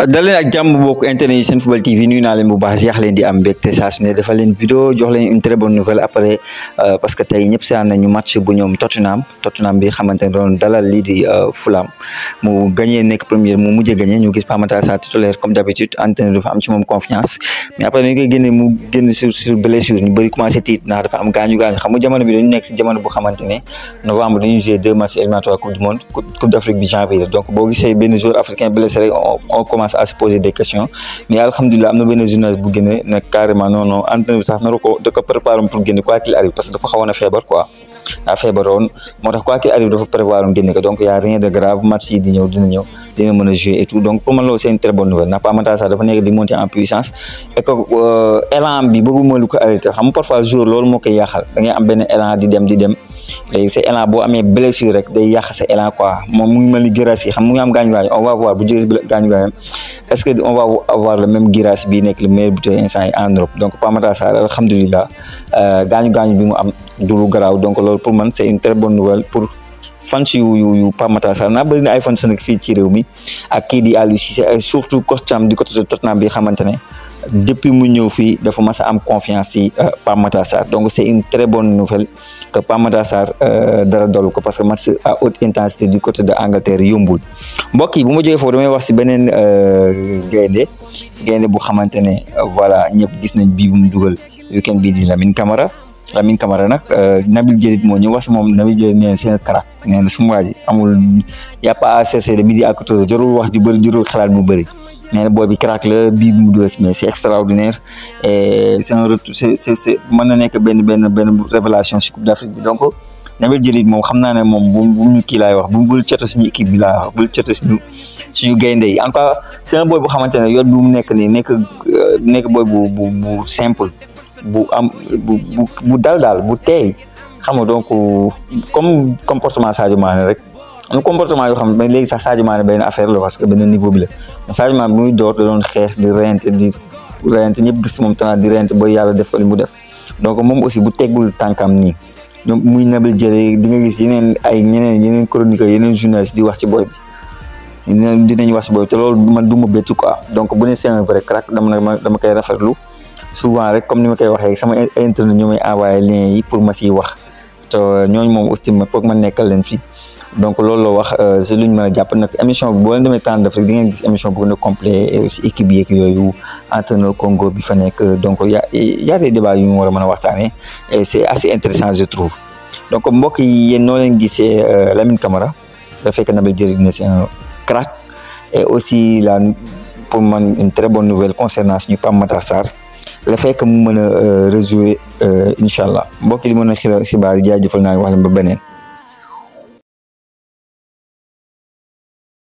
dalleen ak jàmm bokk internet yi football TV nuyu naa leen bu baax yaax leen di am mbégte saa su ne dafa leen vidéo jox leen une très bonne nouvelle après euh, parce que tey ñëpp seetaan nañu match bu ñoom Tottenham Tottenham bi xamante ne dalal lii di euh, Fulham mu gagné nekk Premier mu mujjee gagné ñu gis Pape Matar Sarr titulaire comme d'habitude entraîneur dafa am ci moom confiance mais après dañu koy génne mu génn sur sur blessure ñu bëri commencé tiit ndax dafa am gaañu gaañu xam nga jamono bi dañu nekk si jamono bu xamante novembre dañuy joué deux matchs éliminatoires coupe du monde coupe d'Afrique bi janvier donc boo gisee benn joueur africain blessé rek on à se poser des questions mais alhamdoulilah nous carrément non non entraîneur de préparer pour gagner quoi qu'il arrive parce que a fièvre, quoi on quoi arrive prévoir donc il y a rien de grave match de nous, de dina de et tout donc pour moi c'est une très bonne nouvelle n'a pas ça di monter en puissance et que euh, élan bi de lu ko jour léegi se élan boo amee blessure rek day yàq sa élan moom mu ngi mel ni Guirassy xam mu ngi am gaañu-gaañu on va voir ce que on va avoir le même Guirassy bii nekk le meilleur buteur instant yi en Europe donc Pape Matar Sarr gaañu-gaañu euh, bi mu am du lu donc loolu pour man c'est une très bonne nouvelle pour fans yu yu yu Pape Matar naa bëri na ay fans nag fii ci réew mi kii di Aliou surtout coach am di côté de Tottenham bi xamante ne depuis mu ñëw fii dafa mas a am confiance si euh, Pape Matar Sarr donc c' est une très bonne nouvelle que Pape Matar euh, dara dolu ko parce que match à haute intensité du côté de Angleterre yombul mbokk yi bu ma jógee foofu damay wax si beneen euh, gaynde gaynde bu xamante ne voilà ñëpp gis nañ bi bu mu dugal weekend bii di Lamine Camara Lamine Camara nag Nabil Djellit moo ñu wax moom Nabil Djellit nee seen kara nee na su amul y' a pas à chercher de midi à quatorze heures wax ju bëri jarul xalaat bu bëri. nee na booy bi crack la bii bi mu dugal mais c' est extraordinaire et c' est mën na nekk benn benn benn révélation si Coupe d' Afrique bi donc Nabil Djellit moom xam naa ne moom bu bu ñu kii laay wax bu bul cata suñu équipe bi laa wax bul cata suñu suñu gaynde yi en tout cas booy bu xamante ne yoon bi mu nekk nii nekk euh, nekk booy bu bu bu simple bu am bu bu dal daal bu teey xam nga donc comme comportement Sadio Mané rek. am comportement yoo xam ne léegi sax Sadio Mané benn affaire la parce que benn niveau bi la Sadio Mané bu muy door da doon xeex di reyante di reyante ñëpp gis moom tanaa di reyante ba yàlla def ko li mu def donc moom aussi bu teggul tànkam nii ñoom muy nabil jëlee di nga gis yeneen ay ñeneen yeneen chroniqueur yeneen journaliste di wax ci boy bi dinañ wax ci boy te loolu man du ma bettu quoi donc bu ne c'est un vrai crack dama dama koy rafetlu souvent rek comme ni ma koy waxee sama internet ñoo may envoyé lien yi pour ma si wax te ñooñu moom aussi ma foog ma nekka leen fii donc loolu wax euh, si lu ñu mën a jàpp émission bo leen démé demee def rek di ngeen gis émission bu gën a complet et aussi équipe yeeg yoyu entraîneur Congo bi fa nek donc y a y a des débats yu ñu war a mën et c'est assez intéressant je trouve donc mbokk yi no noo leen gisee euh, Lamine Camara da fekk Nabil jëri c'est un crack et aussi la pour man une très bonne nouvelle concernant ñu Pape Matar le la fekk mu mëna a euh, rejouer incha allah mbokk li mëna a xibaar yi na wax leen ba beneen.